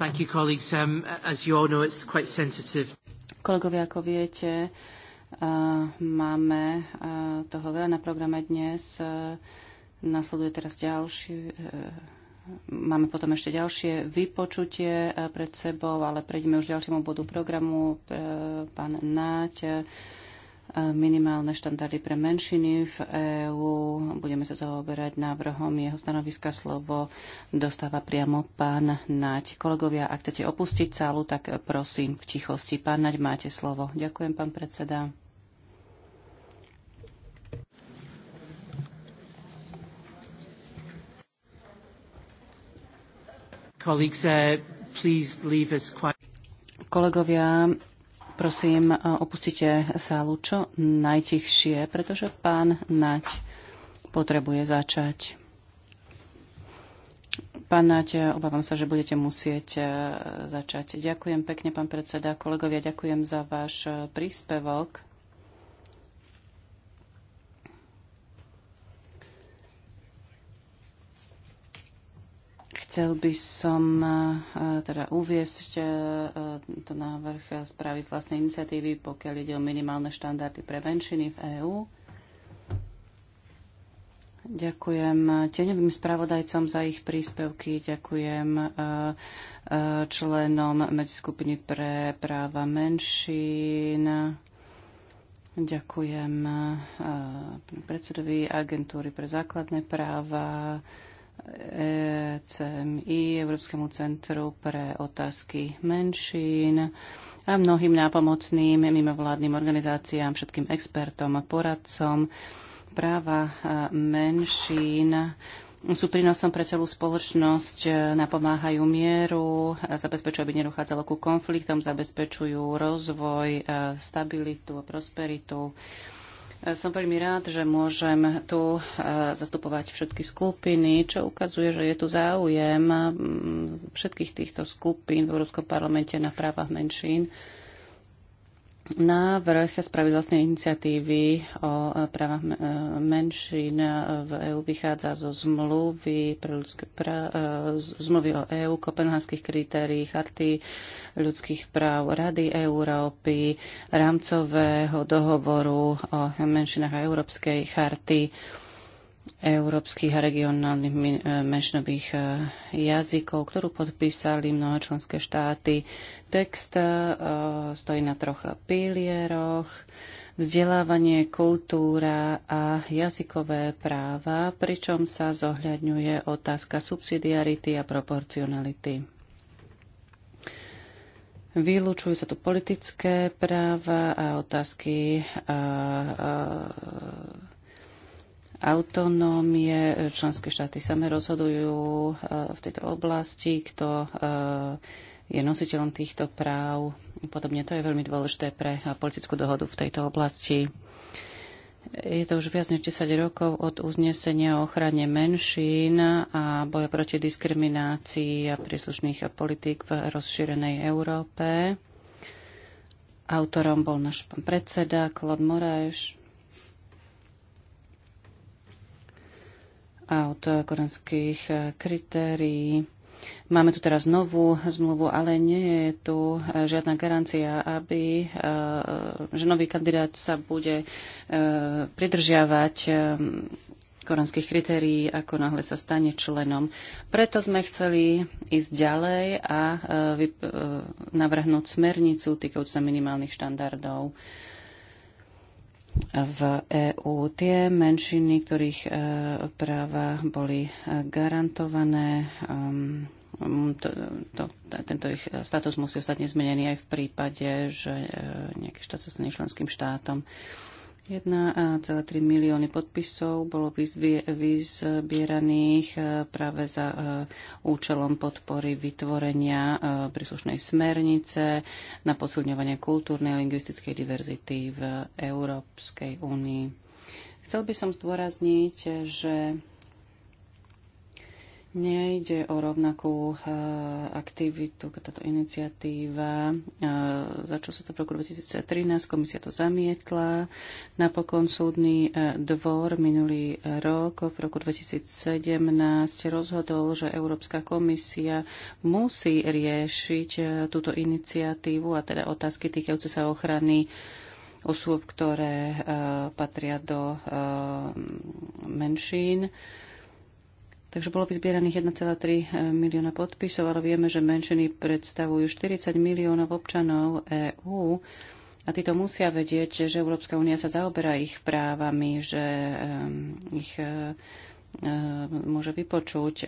Thank you, colleagues. Um, as you all know, it's quite sensitive. Kolegovia, ako viete, uh, máme uh, toho veľa na programe dnes. Uh, nasleduje teraz ďalší uh, Máme potom ešte ďalšie vypočutie uh, pred sebou, ale prejdeme už ďalšiemu bodu programu. Uh, pán Náť uh, minimálne štandardy pre menšiny v EÚ. Budeme sa zaoberať návrhom jeho stanoviska. Slovo dostáva priamo pán Naď. Kolegovia, ak chcete opustiť sálu, tak prosím v tichosti. Pán Naď, máte slovo. Ďakujem, pán predseda. Colleagues, uh, please leave us quiet kolegovia, Prosím, e, opustite sálu čo najtichšie, pretože pán Naď potrebuje začať. Pán Naď, obávam sa, že budete musieť e, začať. Ďakujem pekne, pán predseda. Kolegovia, ďakujem za váš e, príspevok. Chcel by som eh, eh, teda uviesť eh, to návrh správy z vlastnej iniciatívy, pokiaľ ide o minimálne štandardy pre menšiny v EÚ. Ďakujem tieňovým spravodajcom za ich príspevky, ďakujem členom medziskupiny pre práva menšín, ďakujem predsedovi agentúry pre základné práva, E CMI, Európskemu centru pre otázky menšín a mnohým nápomocným mimovládnym organizáciám, všetkým expertom a poradcom. Práva menšín sú prínosom pre celú spoločnosť, napomáhajú mieru, zabezpečujú, aby nedochádzalo ku konfliktom, zabezpečujú rozvoj, stabilitu a prosperitu E, som veľmi rád, že môžem tu e, zastupovať všetky skupiny, čo ukazuje, že je tu záujem všetkých týchto skupín v Európskom parlamente na právach menšín návrh spravy vlastnej iniciatívy o e, právach e, menšín e, v EÚ vychádza zo zmluvy, pre ľudské pra, zmluvy o EÚ, kopenhánskych kritérií, charty ľudských práv Rady Európy, rámcového dohovoru o menšinách a Európskej charty európskych a regionálnych e, menšinových e, jazykov, ktorú podpísali mnohé členské štáty. Text e, stojí na troch pilieroch. Vzdelávanie, kultúra a jazykové práva, pričom sa zohľadňuje otázka subsidiarity a proporcionality. Vylúčujú sa tu politické práva a otázky a, a, autonómie. Členské štáty same rozhodujú e, v tejto oblasti, kto e, je nositeľom týchto práv. Podobne to je veľmi dôležité pre e, politickú dohodu v tejto oblasti. Je to už viac než 10 rokov od uznesenia o ochrane menšín a boja proti diskriminácii a príslušných politík v rozšírenej Európe. Autorom bol náš pán predseda Claude Moraes. a od kodanských e, kritérií. Máme tu teraz novú zmluvu, ale nie je tu e, žiadna garancia, aby, e, že nový kandidát sa bude pridržiavať koranských kritérií, ako náhle sa stane členom. Preto sme chceli ísť ďalej a navrhnúť smernicu týkajúcu sa minimálnych štandardov v EÚ. Tie menšiny, ktorých e, práva boli e, garantované, ehm, to, to, tento ich status musí ostať nezmenený aj v prípade, že e, nejaký štát sa stane členským štátom. 1,3 milióny podpisov bolo vyzbieraných e, práve za e, účelom podpory vytvorenia e, príslušnej smernice na posilňovanie kultúrnej a lingvistickej diverzity v Európskej únii. Chcel by som zdôrazniť, že Nejde o rovnakú eh, aktivitu, táto iniciatíva, eh, začalo sa to v roku 2013, komisia to zamietla. Napokon súdny eh, dvor minulý rok, v roku 2017, rozhodol, že Európska komisia musí riešiť túto iniciatívu a teda otázky týkajúce sa ochrany osôb, ktoré patria do menšín Takže bolo by zbieraných 1,3 eh, milióna podpisov, ale vieme, že menšiny predstavujú 40 miliónov občanov EÚ a títo musia vedieť, že Európska únia sa zaoberá ich právami, že eh, ich eh, môže vypočuť.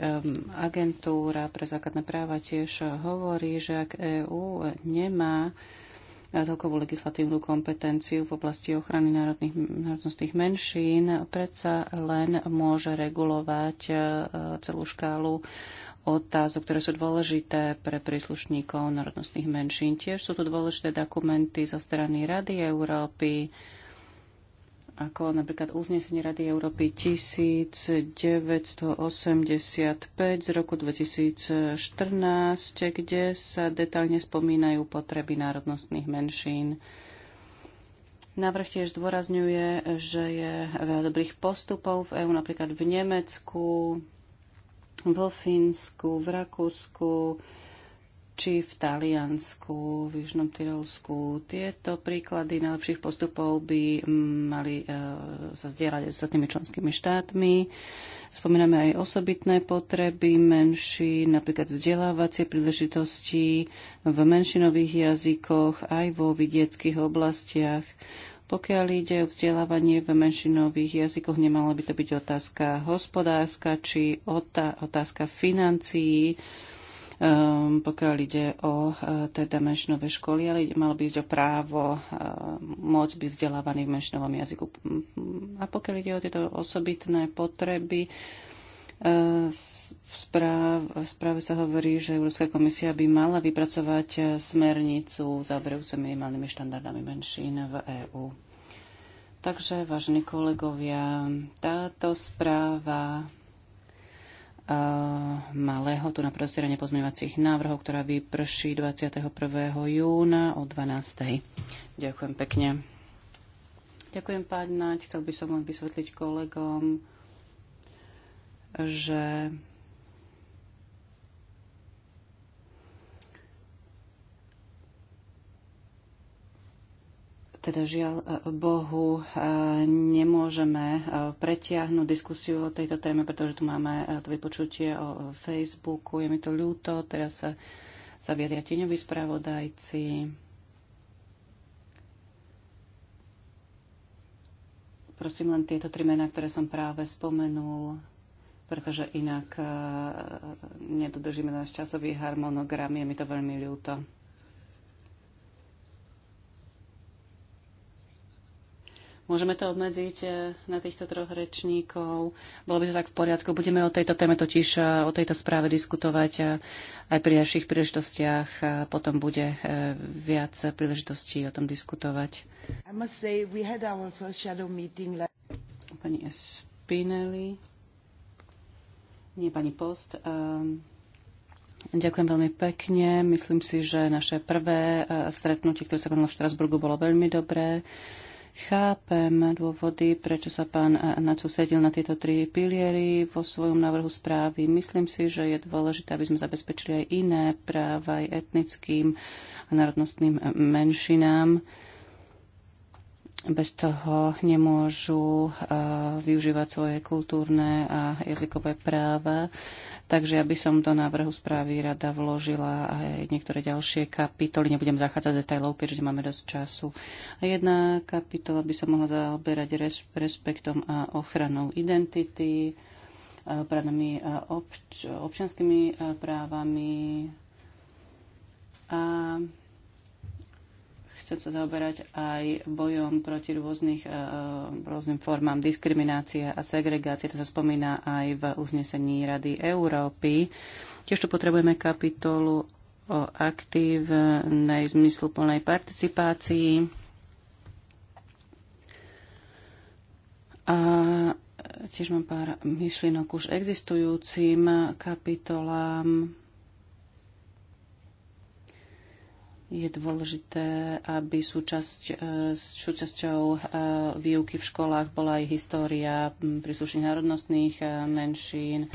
Agentúra pre základné práva tiež hovorí, že ak EÚ nemá celkovú legislatívnu kompetenciu v oblasti ochrany národných, národnostných menšín, predsa len môže regulovať e, celú škálu otázok, ktoré sú dôležité pre príslušníkov národnostných menšín. Tiež sú tu dôležité dokumenty zo strany Rady Európy, ako napríklad uznesenie Rady Európy 1985 z roku 2014, kde sa detailne spomínajú potreby národnostných menšín. Návrh tiež zdôrazňuje, že je veľa dobrých postupov v EÚ, napríklad v Nemecku, vo Fínsku, v Rakúsku, či v Taliansku, v Južnom Tyrolsku. Tieto príklady najlepších postupov by mali e, sa zdieľať s ostatnými členskými štátmi. Spomíname aj osobitné potreby menší, napríklad vzdelávacie príležitosti v menšinových jazykoch, aj vo vidieckých oblastiach. Pokiaľ ide o vzdelávanie v menšinových jazykoch, nemala by to byť otázka hospodárska či otá otázka financií Ehm, pokiaľ ide o teda menšinové školy, ale malo by ísť o právo e, môcť byť vzdelávaný v menšinovom jazyku. A pokiaľ ide o tieto osobitné potreby, e, v správe, v správe sa hovorí, že Európska komisia by mala vypracovať smernicu zaoberajúcu minimálnymi štandardami menšín v EÚ. Takže, vážení kolegovia, táto správa malého tu na prostieranie pozmeňovacích návrhov, ktorá vyprší 21. júna o 12. Ďakujem pekne. Ďakujem, pán Naď. Chcel by som vám vysvetliť kolegom, že teda žiaľ e, Bohu e, nemôžeme e, pretiahnuť diskusiu o tejto téme, pretože tu máme to vypočutie o Facebooku. Je mi to ľúto, teraz sa, sa vyjadria tieňoví spravodajci. Prosím len tieto tri mená, ktoré som práve spomenul, pretože inak nedodržíme náš časový harmonogram. Je mi to veľmi ľúto. Môžeme to obmedziť e, na týchto troch rečníkov. Bolo by to tak v poriadku. Budeme o tejto téme totiž, e, o tejto správe diskutovať e, aj pri ďalších príležitostiach. Potom bude viac príležitostí o tom diskutovať. Say, pani Spinelli. Nie, pani Post. Um... Ďakujem veľmi pekne. Myslím si, že naše prvé stretnutie, ktoré sa konalo v Štrasburgu, bolo veľmi dobré. Chápem dôvody, prečo sa pán Nacu sedil na tieto tri piliery vo svojom návrhu správy. Myslím si, že je dôležité, aby sme zabezpečili aj iné práva aj etnickým a národnostným menšinám bez toho nemôžu eh, využívať svoje kultúrne a jazykové práva. Takže ja by som do návrhu správy rada vložila aj niektoré ďalšie kapitoly. Nebudem zachádzať detailov, keďže máme dosť času. A jedna kapitola by sa mohla zaoberať res, respektom a ochranou identity, eh, právnymi eh, obč, občianskými právami a Chcem sa zaoberať aj bojom proti rôznych, e, e, rôznym formám diskriminácie a segregácie. To sa spomína aj v uznesení Rady Európy. Tiež tu potrebujeme kapitolu o aktívnej zmysluplnej participácii. A tiež mám pár myšlienok už existujúcim kapitolám je dôležité, aby súčasť, e, súčasťou e, výuky v školách bola aj história príslušných národnostných e, menšín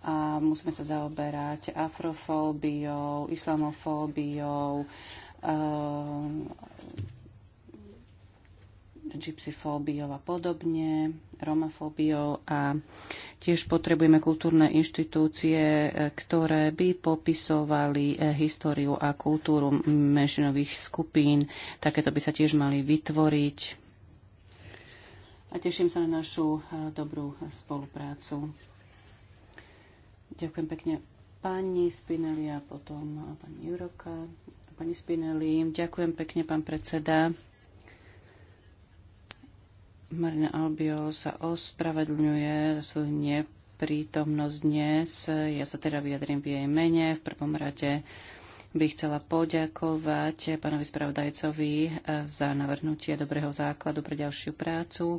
a musíme sa zaoberať afrofóbiou, islamofóbiou, gypsyfóbiou a podobne romafóbiou a tiež potrebujeme kultúrne inštitúcie, e, ktoré by popisovali e, históriu a kultúru menšinových skupín. Takéto by sa tiež mali vytvoriť. A teším sa na našu e, dobrú spoluprácu. Ďakujem pekne pani Spinelli a potom pani Juroka. Pani Spinelli, ďakujem pekne, pán predseda. Marina Albio sa ospravedlňuje za svoju neprítomnosť dnes. Ja sa teda vyjadrím v jej mene. V prvom rade by chcela poďakovať pánovi spravodajcovi eh, za navrhnutie dobrého základu pre ďalšiu prácu.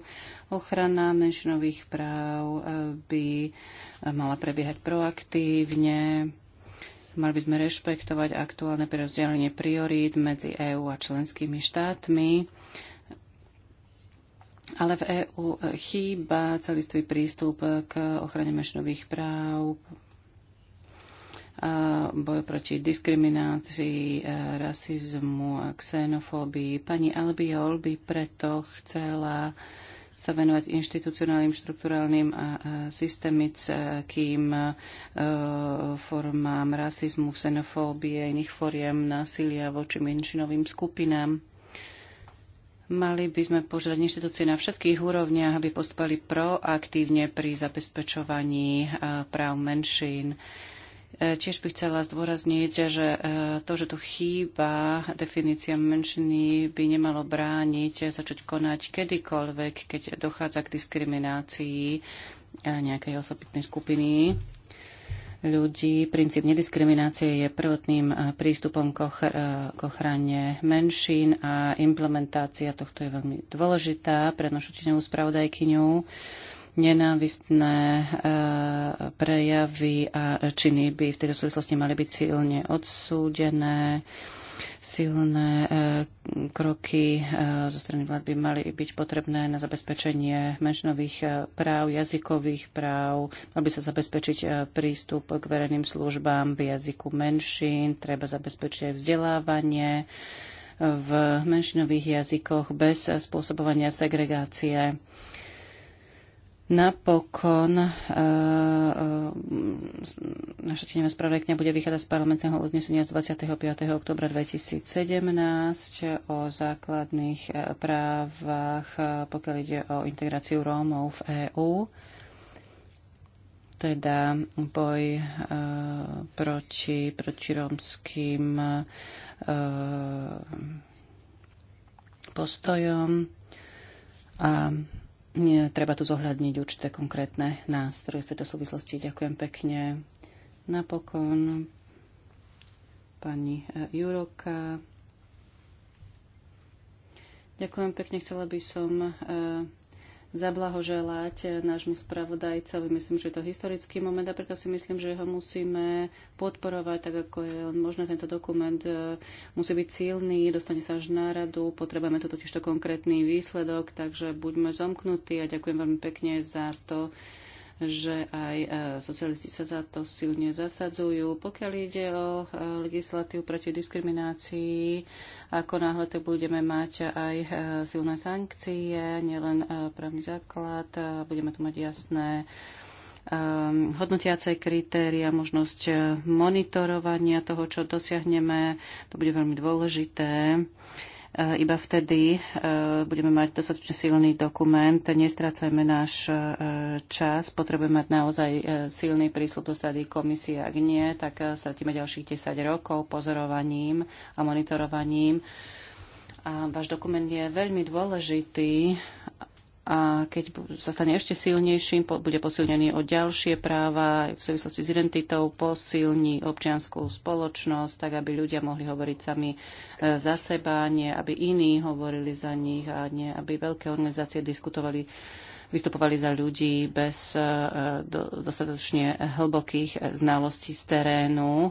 Ochrana menšinových práv eh, by eh, mala prebiehať proaktívne. Mali by sme rešpektovať aktuálne prerozdelenie priorít medzi EÚ a členskými štátmi ale v EÚ chýba celistvý prístup k ochrane menšinových práv, boju proti diskriminácii, e, rasizmu a xenofóbii. Pani Albiol by preto chcela sa venovať inštitucionálnym, štruktúrálnym a systemickým e, formám rasizmu, xenofóbie, iných foriem násilia voči menšinovým skupinám Mali by sme požiadať inštitúcie na všetkých úrovniach, aby postupali proaktívne pri zabezpečovaní eh, práv menšín. Eh, tiež by chcela zdôrazniť, že eh, to, že tu chýba definícia menšiny, by nemalo brániť začať konať kedykoľvek, keď dochádza k diskriminácii nejakej osobitnej skupiny ľudí. Princíp nediskriminácie je prvotným eh, prístupom eh, k ochrane menšín a implementácia tohto je veľmi dôležitá pre našu činevú spravodajkyňu nenávistné eh, prejavy a činy by v tejto súvislosti mali byť silne odsúdené. Silné eh, kroky eh, zo strany vlád by mali byť potrebné na zabezpečenie menšinových práv, jazykových práv. Mal by sa zabezpečiť prístup k verejným službám v jazyku menšín. Treba zabezpečiť aj vzdelávanie v menšinových jazykoch bez spôsobovania segregácie. Napokon e, naša tenová spravodajkňa bude vychádzať z parlamentného uznesenia z 25. oktobra 2017 o základných eh, právach, pokiaľ ide o integráciu Rómov v EÚ, teda boj proti, proti rómským postojom a treba tu zohľadniť určité konkrétne nástroje v tejto súvislosti. Ďakujem pekne. Napokon pani e, Juroka. Ďakujem pekne. Chcela by som e, zablahoželať nášmu spravodajcovi. Myslím, že je to historický moment a preto si myslím, že ho musíme podporovať, tak ako je možné. Tento dokument e, musí byť silný, dostane sa až na radu, potrebujeme tu totiž to konkrétny výsledok, takže buďme zomknutí a ďakujem veľmi pekne za to, že aj e, socialisti sa za to silne zasadzujú. Pokiaľ ide o e, legislatívu proti diskriminácii, ako náhle to budeme mať aj e, silné sankcie, nielen právny základ, budeme tu mať jasné hodnotiace kritéria, možnosť monitorovania toho, čo dosiahneme. To bude veľmi dôležité. E, iba vtedy e, budeme mať dostatočne silný dokument. Nestrácajme náš e, čas. Potrebujeme mať naozaj silný prístup do strady komisie. Ak nie, tak stratíme ďalších 10 rokov pozorovaním a monitorovaním. A váš dokument je veľmi dôležitý a keď sa stane ešte silnejším, bude posilnený o ďalšie práva v súvislosti s identitou, posilní občianskú spoločnosť, tak aby ľudia mohli hovoriť sami e, za seba, nie aby iní hovorili za nich a nie aby veľké organizácie diskutovali vystupovali za ľudí bez e, dostatočne hlbokých znalostí z terénu.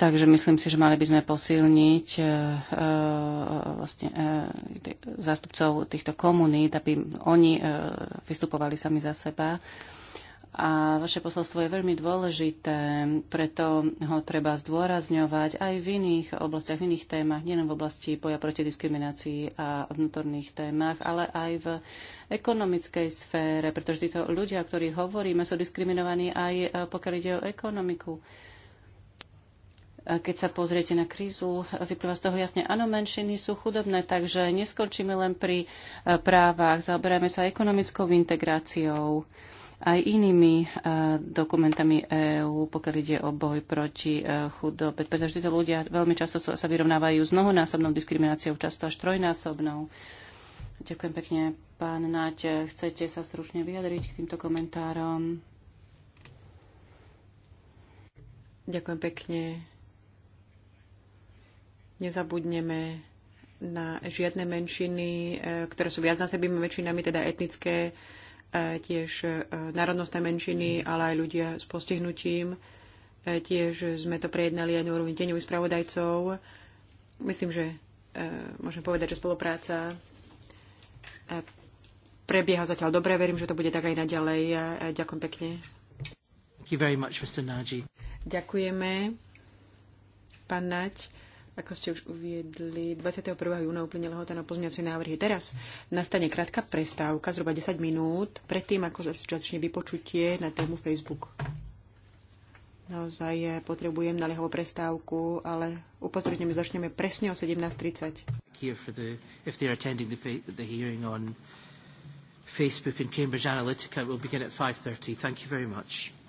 Takže myslím si, že mali by sme posilniť e, e vlastne, e, zástupcov týchto komunít, aby oni e, vystupovali sami za seba. A vaše posolstvo je veľmi dôležité, preto ho treba zdôrazňovať aj v iných oblastiach, v iných témach, nielen v oblasti boja proti diskriminácii a vnútorných témach, ale aj v ekonomickej sfére, pretože títo ľudia, o ktorých hovoríme, sú diskriminovaní aj e, pokiaľ ide o ekonomiku keď sa pozriete na krízu, vyplýva z toho jasne, áno, menšiny sú chudobné, takže neskončíme len pri e, právach, zaoberáme sa ekonomickou integráciou aj inými e, dokumentami EÚ, pokiaľ ide o boj proti e, chudobe. Pretože títo ľudia veľmi často sa vyrovnávajú s mnohonásobnou diskrimináciou, často až trojnásobnou. Ďakujem pekne. Pán Naď, chcete sa stručne vyjadriť k týmto komentárom? Ďakujem pekne. Nezabudneme na žiadne menšiny, e, ktoré sú viacnásobnými menšinami, teda etnické, e, tiež e, národnostné menšiny, ale aj ľudia s postihnutím. Tiež sme to prejednali aj na úrovni deňových spravodajcov. Myslím, že môžem povedať, že spolupráca prebieha zatiaľ dobre. Verím, že to bude tak aj naďalej. Ďakujem pekne. Much, Ďakujeme, pán Naď. Ako ste už uviedli, 21. júna uplynie lehota na pozmeňovacie návrhy. Teraz nastane krátka prestávka, zhruba 10 minút, predtým, ako začne vypočutie na tému Facebook. Naozaj potrebujem na naliehavo prestávku, ale upozorňujem, začneme presne o 17.30. Facebook and Cambridge Analytica will begin at 5.30. Thank you very much.